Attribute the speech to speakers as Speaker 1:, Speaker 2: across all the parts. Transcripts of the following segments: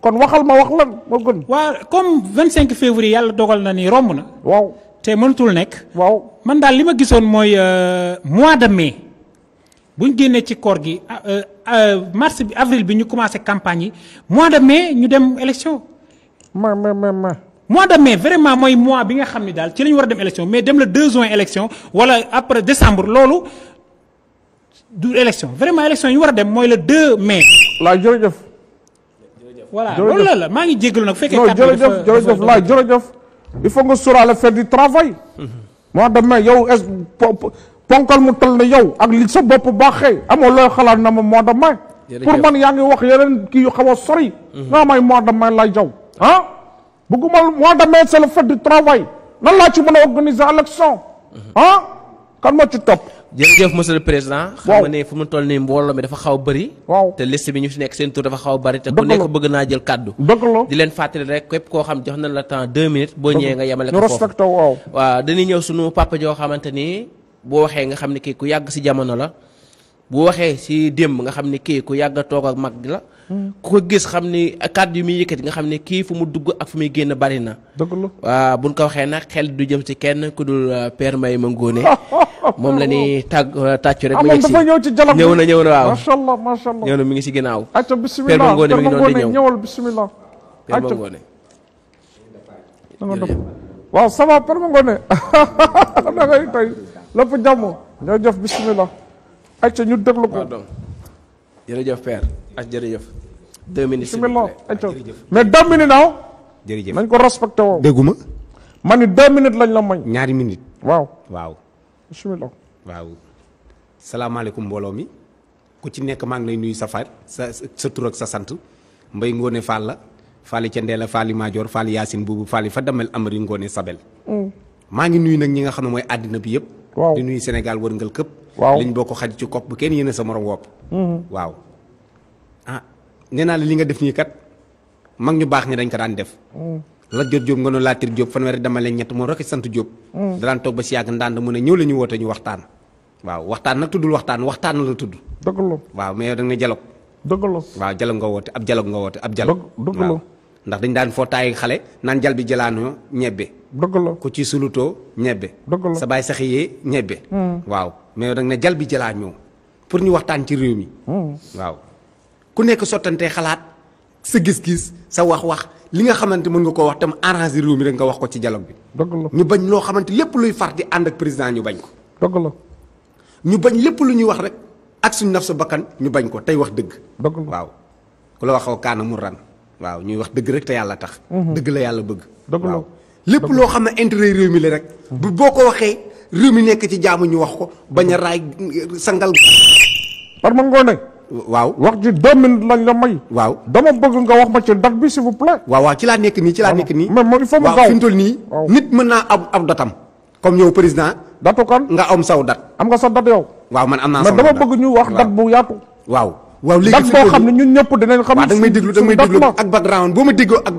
Speaker 1: kon waxal ma wax lan ma gën. waaw comme cinq février yàlla dogal na ni romb na. waaw te mënatul nekk. waaw man daal li ma gisoon mooy euh, mois de mai bu ñu génnee ci koor gi ah, euh, euh, mars bi avril bi ñu commencé campagne yi mois de mai ñu dem élection. ma ma ma ma. mois de mai vraiment mooy mois bi nga xam ne daal ci la ñu war a dem élection mais dem la 2 juin élection wala après décembre loolu du élection vraiment élection yu ñu war a dem mooy le 2 mai. la jërëjëf. voilà loolu la la maa ngi jégalu nag bu fekkee. non jërëjëf jërëjëf laaj
Speaker 2: jërëjëf. il faut nga sóoraale faire du travail. Mhm. moo dem mais yow est ponkal mu toll ne yow ak li sa bopp baaxee amoo looy xalaat na ma moo dem may. pour man yaa ngi wax yeneen kii yu xaw a sori. Mhm. naa may moo dem may lay jaw ah bëgguma moo dem c'est le fait du travail nan laa ci mën a organiser élection mhm. ah. kan moo ci topp.
Speaker 3: jërëjëf monsieur le président. waaw xam nga fu mu toll nii mbooloo mi dafa xaw a bëri. waaw te liste bi ñu fi nekk seen tur dafa xaw a bëri. te ku nekk bëgg naa jël kaddu. dëgg la di leen fàttali rek képp koo xam jox na la temps deux minutes. boo ñëwee nga yemale ko foofu respecté waaw. waaw dañuy ñëw sunu papa joo xamante ni boo waxee nga xam ne kii ku yàgg si jamono la bu waxee si démb nga xam ne kii ku yàgg a toog ak mag la. ku ko gis xam ni kàddu yu muy yi nga xam ne kii fu mu dugg ak fu muy génn bari na. dëgg la waaw ko waxee nag xel du jëm si kenn ku dul euh, Père Mbaye Mangoné moom la ni tàgg euh, tàccu rek. Ah, mu yegg si dafa ñëw ci ngi si ginnaaw. ayca bisimilah Père Mangoné mi ngi noonu di ñëw
Speaker 2: ñëwal bisimilah. Père Mangoné. waaw ça va Père Mangoné. da ngay jàmm. ñoo jëf bisimilah. ayca ñu déglu ko ak ah, jërëjëf. deux minutes s'il vous plaît ayca ah, mais deux minutes naaw. Ah. nañ ko respecté woo. dégguma. ma ni deux minutes lañ la mañ. ñaari minutes. waaw
Speaker 4: waaw. bisimilah. waaw mbooloo mi ku ci nekk maa ngi lay nuyu sa far sa sant Mbaye Ngone Fall la Fally Thiendella Fally Madior Fally Yacine Boubou Fally Fadamel Amari Ngone Sabel. Mm. maa ngi nuyu nag ñi nga xam ne mooy àddina bi yëpp. waaw di nuyu Sénégal wërngal këpp. waaw boo ko xaj ci kopp bu kenn yéene sa morom wopp. Mm-hmm. waaw ah nee naa la li nga def nii kat mag ñu baax ñi dañ ko daan def. la jot Diop nga ne laatir Diop fanweeri dama leen ñett moom rek sant Diop. Mm-hmm. da daan toog ba si yàgg ndànd mu ne ñëw la ñu woote ñu waxtaan. waaw waxtaan nag tuddul waxtaan waxtaan la tudd. dëgg waaw mais yow da nga ne dialogue. dëgg waaw dialogue nga woote ab dialogue nga woote ab dialogue. dëgg ndax dañ daan footaay xale naan jal bi jëlaanoo ñebbe dëgg la ku ci sulutoo ñebbe dëgg la sa baay saxiyee ñebbe hmm. waaw mais da nga ne jal bi jëlaañoo pour ñu waxtaan ci réew mi hmm. waaw ku nekk sottantee xalaat sa gis-gis sa wax-wax li nga xamante mën nga koo wax tam arrangé réew mi rek nga wax ko ci dialogue bi dëgg la ñu bañ loo xamante lépp luy far di ànd ak président ñu bañ ko dëgg la ñu bañ lépp lu ñuy wax rek ak suñ naf sa bakkan ñu bañ ko tey wax dëgg dëgg waaw ku la waxoo kaana mu ran waaw ñuy wax dëgg rek te yàlla tax. Mhm. dëgg la yàlla bëgg. dëgg la waaw lépp loo xam ne intere réew mi la rek. Mhm. bu boo ko waxee réew mi nekk ci jaamu ñu wax ko bañ a mhm. raay sangal. par ma ngoone. waaw wax ji deux minutes lañ la may. waaw dama bëgg nga wax ma ci date bi s'il vous plaît. waaw waaw ci laa nekk nii ci laa nekk nii. mais moom il faut mu gaaw waaw nii. nit mën naa ab ab datam. comme yow président. datu kan nga am saw dat. am nga sa dat yow. waaw man am naa saw dat mais dama bëgg ñu wax dat bu yaatu. waaw. waaw léegi dat boo xam ne ñun ñëpp dinañ xam. waaw da nga may déglu da nga may déglu ak background boo ma déggoo dat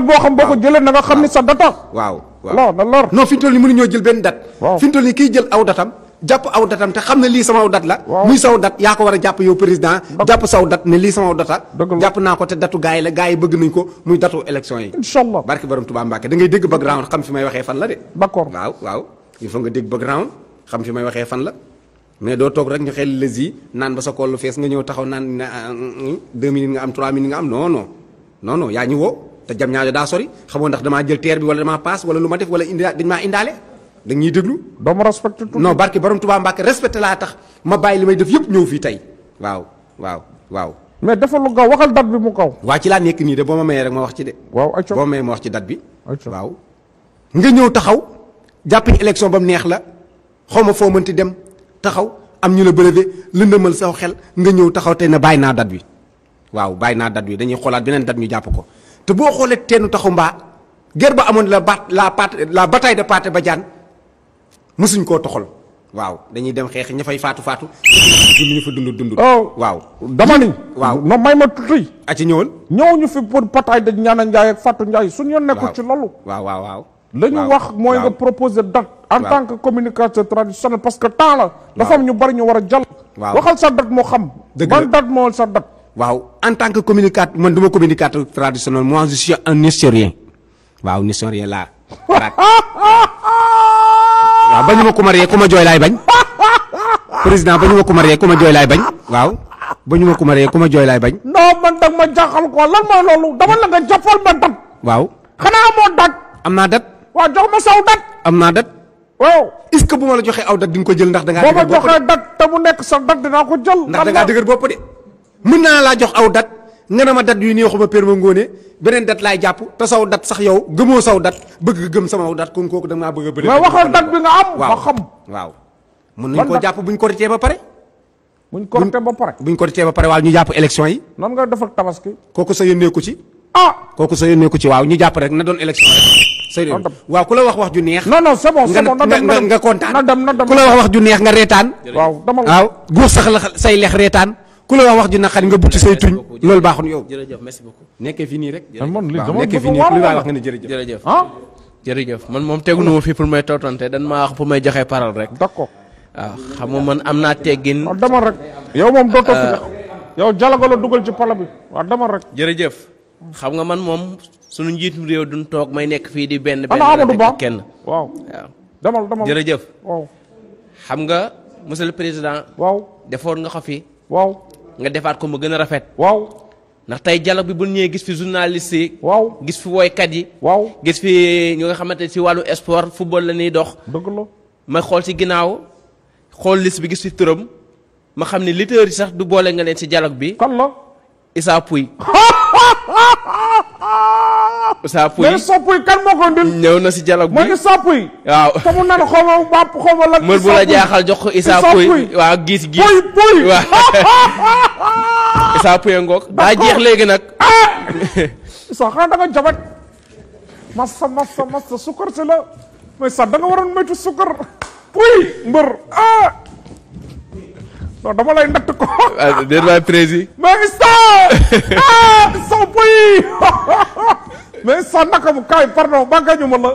Speaker 4: boo xam boo ko jëlee na nga xam ni sa data. waaw waaw na lor. non fi jël benn dat. waaw fi kiy jël aw datam jàpp aw datam te xam ne lii sama dat la. muy saw dat yaa ko war a jàpp yow président. jàpp saw dat ne lii sama data. jàpp naa ko te datu gaa yi la gaa bëgg nañ ko muy datu élection yi. barke borom Tuubaa Mbàkke da dégg background xam fi may waxee fan la de. d'accord waaw waaw il faut nga dégg may waxee fan la mais doo toog rek ñu xel les yi naan ba sa kollu fees nga ñëw taxaw naan ah, mm, deux minutes nga am trois minutes nga am non non non non yaa ñu woo te jam ñaajo daa sori xamoo ndax damaa jël teer bi wala damaa paas wala lu ma def wala indi dañ maa indaale dañuy déglu. ba mu respecté tout non barki borom Tuubaa Mbàkke respecté laa tax ma bàyyi li may def yëpp ñëw fii tey waaw waaw waaw. mais dafa lu gaaw waxal date bi mu kaw. waa ci laa nekk nii de boo ma mayee rek ma wax ci de. waaw ayca boo ma mayee ma wax ci date bi. waaw nga ñëw taxaw jàpp ni élection ba mu neex la xaw ma foo mënti dem taxaw am ñu la brevet lëndëmal saw xel nga ñëw taxaw tey ne bàyyi naa dat wi waaw bàyyi naa dat wi dañuy xoolaat beneen dat ñu jàpp ko te boo xoolee teenu taxu mbaa guerre ba amoon la bat laa pat la bataille de Pathé Badiane mësuñ koo toxal waaw dañuy dem xeex ña fay faatu faatu
Speaker 2: dund ñu fa dund dund oh, waaw dama ni waaw non may ma tuuti a ci ñëwal ñëw ñu fi pour bataille de ñaana Njaay ak Fatou Njaay suñu yoon nekkul ci loolu waaw waaw waaw la wax mooy nga proposer date en tant que communicateur traditionnel parce que temps la dafa am ñu bari ñu war a jàll waxal sa date moo xam ban date moo
Speaker 4: sa date waaw en tant que communicateur man duma communicateur traditionnel moi je suis un waaw historien laa waaw bañu ma ku ku ma jooy laay bañ président bañu ma ku ma ree ma jooy laay bañ waaw bañu ma ku ma ree ku ma jooy laay bañ
Speaker 2: non man dag ma jaaxal ko lan mooy loolu dama la nga jàppal ma dat
Speaker 4: waaw xanaa moo dat am naa waaw jox ma saw dat am naa dat waaw est que bu ma la joxee aw dat di nga ko jël ndax da ngaa boo ma joxee dat te mu nekk sa dat dëgër bopp de mën naa laa jox aw dat nga ne ma dat yu neexuma pér ma ngóone beneen dat laay jàpp te saw dat sax yow gëmoo saw dat bëgg gëm sama dat kon kooku da nga maa bëgg a bëri mais waxal dat bi nga am ma xam waaw mën nañ koo jàpp
Speaker 2: buñ korité ba pare buñ korité ba pare
Speaker 4: buñ korité ba pare waaw ñu jàpp élection yi
Speaker 2: nan nga def tabaski
Speaker 4: kooku sa yónnee ko ci ah kooku sa yónnee ko ci waaw ñu jàpp rek na doon élection rek. sëriñ waaw ku la wax wax ju neex. non non c'est bon c'est bon nga nga kontaan. ku la wax wax ju neex nga reetaan. waaw dama waaw guux sax la say lex reetaan. ku la wax wax ju naqari nga butti say tuñ. loolu baaxul yow.
Speaker 3: man moom tegu nu ma fii pour may tootante dan maa wax pour may joxe parole rek. d'accord waaw ah, xam nga man am naa teggin. waaw ah, rek yow moom doo toog euh, yow
Speaker 2: jàllagaloo dugal ci pala bi waaw rek
Speaker 3: xam nga man moom sunu njiitum réew duñ toog may nekk fii di benn benn la kenn
Speaker 2: waaw damal damal jërëjëf waaw
Speaker 3: xam nga monsieur le président waaw defoon nga ko fi waaw nga defaat ko mu gën a rafet waaw ndax tey dialogue bi bu ñëwee gis fi journaliste yi waaw gis fi woykat yi waaw gis fi ñu nga xamante si wàllu sport football la ñuy dox dëgg la ma xool si ginnaaw xool liste bi gis fi turam ma xam ne lutteurs yi sax du boole nga leen si dialogue bi kan la Issa Pouye saapuy mais
Speaker 2: saapuy kan moo ko ndil.
Speaker 3: ñëw na si dialogue bi mooy saapuy. waaw te
Speaker 2: mu nar xaw ma bàpp xaw ma lan. mër bu la jaaxal jox ko Issa Pouye
Speaker 3: waaw gis gis puy puy waaw Issa Pouye ngoog. daa jeex léegi nag. Eh!
Speaker 2: Issa xanaa da nga jabat massa massa massa sukkar si la mais sax da nga waroon moytu sukkar puy mbër ah. non dama lay natt ko.
Speaker 3: ah déedéet waay président.
Speaker 2: mais Issa. Eh! oui mais sa naka mu kaay pardon ba gañuma la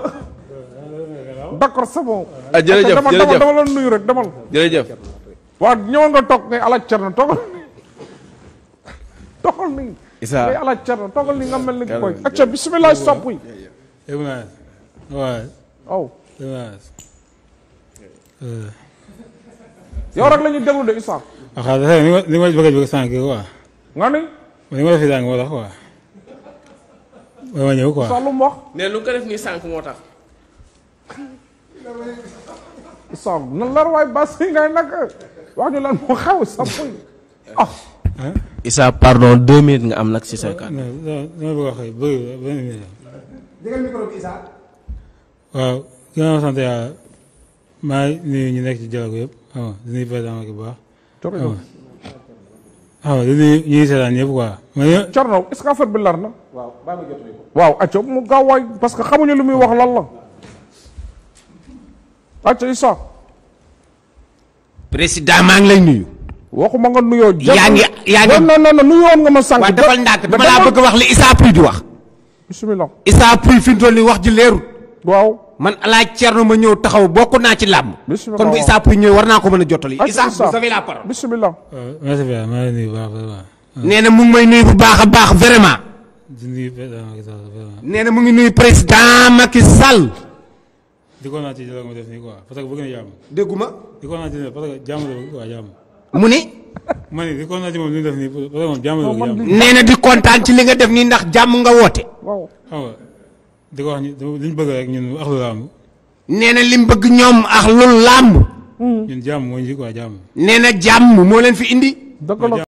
Speaker 2: d'accord c'est bon. Ah, jërëjëf dama dama la nuyu nga toog ngay ala cerno toogal toogal nii. Issa ngay nga mel ni koy. acca bisimilah sopp
Speaker 1: yow rek la ñuy déglu de Issa. ah xaaral li ma li ma bëgg a jóg sànq waa. nga ni. ma la fi sànq moo ba ma ñëw quoi
Speaker 2: soxlu
Speaker 3: ne lu ko def nii sànq moo tax.
Speaker 1: song na
Speaker 2: lar waay ngay nag wax ñu lan moo xaw sa ah.
Speaker 3: Issa pardon deux minutes nga am nag si say
Speaker 1: waaw ginnaaw sant yàlla maa ngi nuyu ñu nekk ci dialogue yëpp xam nga président Macky bu baax. waaw ah, dañuy ñuy seetaan
Speaker 2: bi lar na. waaw
Speaker 1: baax acca mu gaaw waay
Speaker 2: parce que xamuñu lu muy wax lan la. acca Issa.
Speaker 4: président maa ngi lay nuyu. waxuma nga nuyoo.
Speaker 2: yaa ngi yaa ngi non
Speaker 4: non non nuyoon nga ma sànq. waaw defal dama laa bëgg wax li Issa Pouye di wax. bisimilah Issa Pouye fi mu wax ji leerul. waaw. man alaaj Cerno ma ñëw taxaw bokk naa ci làmb. kon bu Issa Pouye ñëw war naa ko mën a jottali. Issa vous avez
Speaker 2: la parole. bisimilah. Euh,
Speaker 1: merci bien maa ngi
Speaker 4: euh. na mu ngi may bu baax a baax vraiment. di nee na mu ngi nuyu président Macky Sall.
Speaker 1: déggoon naa ci dialogue ma def nii quoi que bëgg na jàmm. dégguma. déggoon naa ci dialogue mu ni. ma ne déggoon naa nee na di
Speaker 4: kontaan ci li nga def nii ndax jàmm nga woote.
Speaker 1: di ko wax ni li ñu rek ñun axlu làmb. nee na li mu bëgg ñoom axlu làmb. ñun jàmm mooy njëkk waa jàmm. nee na jàmm moo leen fi indi.